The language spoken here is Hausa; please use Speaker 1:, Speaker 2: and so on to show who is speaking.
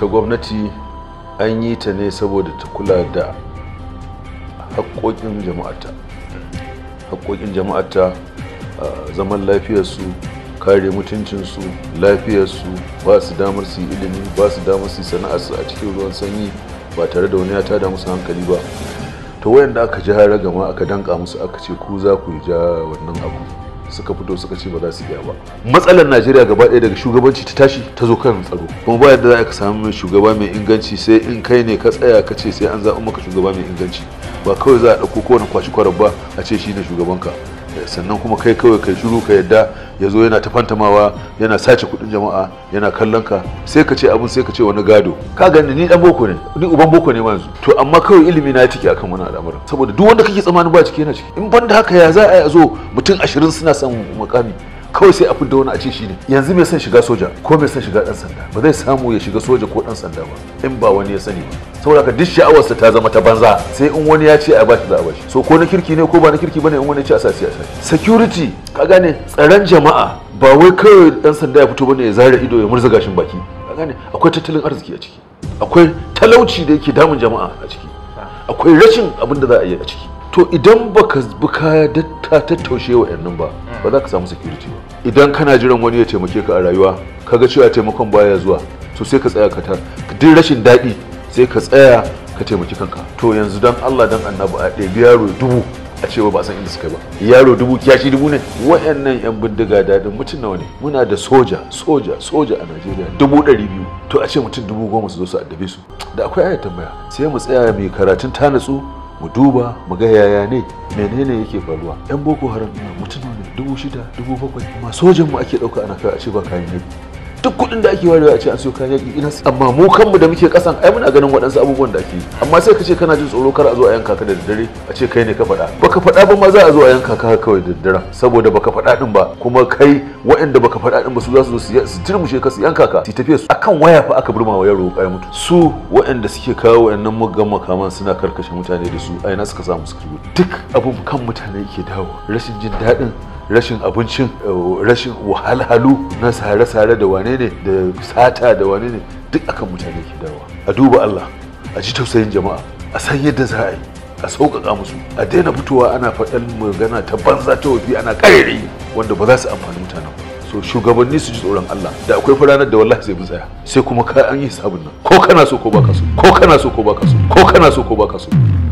Speaker 1: ta gwamnati an yi ta ne saboda ta kula da haƙoƙin jama'ata haƙoƙin jama'ata zaman lafiyarsu kare mutuncinsu lafiyarsu ba su damar su yi ilimi ba su damar su sana'arsu a cikin ruwan sanyi ba tare da wani ya tada musu hankali ba to wayanda aka ji har gama aka danka musu aka ce ku za ku ja wannan abu suka fito suka ce ba za su iya ba matsalar najeriya gaba ɗaya daga shugabanci ta tashi ta zo kan tsaro kuma ba yadda za ka samu shugaba mai inganci sai in kai ne ka tsaya ka ce sai an zaɓi maka shugaba mai inganci ba kawai za a ɗauko kowane kwashi kwarar ba a ce shi ne shugabanka sannan kuma kai kawai kai shiru ka yadda ya zo yana ta fantamawa yana sace kudin jama'a yana kallon ka sai ka ce abin sai ka ce wani gado ka gani ni dan boko ne ni uban boko ne yanzu to amma kawai ilimi na ciki akan wani al'amarin saboda duk wanda kake tsammanin ba ciki yana ciki in banda haka ya za a zo mutum ashirin suna son mukami kawai sai a fidda wani a ce shi ne yanzu mai son shiga soja ko mai son shiga dan sanda ba zai samu ya shiga soja ko dan sanda ba in ba wani ya sani ba saboda ka duk ta zama ta banza sai in wani ya ce a bashi za a bashi so ko na kirki ne ko ba na kirki bane in wani ya ce a sasi a sasi security ka gane tsaron jama'a ba wai kawai dan sanda ya fito bane ya zare ido ya murza gashin baki ka gane akwai tattalin arziki a ciki akwai talauci da yake damun jama'a a ciki akwai rashin abin da za a yi a ciki to idan baka buka da ta tattaushe wa ba ba za ka samu security ba idan kana jiran wani ya taimake ka a rayuwa kaga cewa taimakon baya zuwa to sai ka tsaya ka ta duk rashin daɗi sai ka tsaya ka taimaki kanka to yanzu dan Allah dan annabi a ɗebi yaro dubu a cewa ba san inda suka ba yaro dubu kiyashi dubu ne wayannan yan bindiga daɗin mutum nawa ne muna da soja soja soja a Najeriya dubu ɗari biyu to a ce mutum dubu goma su zo su addabe su da akwai ayar maya. sai mu tsaya mai karatun ta natsu mu duba mu ga yaya ne menene yake faruwa yan boko haram mutum ne dubu shida dubu bakwai ma sojan mu ake ɗauka ana kai a ce ba kayan yaki duk kuɗin da ake warewa a ce an siyo kayan yaƙi ina amma mu kanmu da muke kasan ai muna ganin waɗansu abubuwan da ake yi amma sai ka ce kana jin tsoro kar a zo a yanka ka da daddare a ce kai ne ka faɗa baka faɗa ba ma za a zo a yanka ka kawai da daddare saboda baka faɗa din ba kuma kai waɗanda baka faɗa din ba su za su zo su turmushe ka su yanka ka su tafiye su akan waya fa aka burma wa yaro ya mutu su waɗanda suke kawo waɗannan muggan makaman suna karkashe mutane da su ai na suka samu suka duk abubuwan mutane ke dawo rashin jin daɗin rashin abincin eh, rashin wahalhalu na sare-sare da wane ne da sata da wane ne duk akan mutane ke dawa a duba Allah a ji tausayin jama'a a san yadda za a yi a sauƙaƙa musu a daina fitowa ana faɗan magana ta banza ta wafi ana ƙarere wanda ba za su amfani mutanen so shugabanni su ji tsoron Allah da akwai faranar da wallahi zai tsaya sai kuma ka an yi sabon nan ko kana so ko baka so ko kana so ko baka so ko kana so ko baka so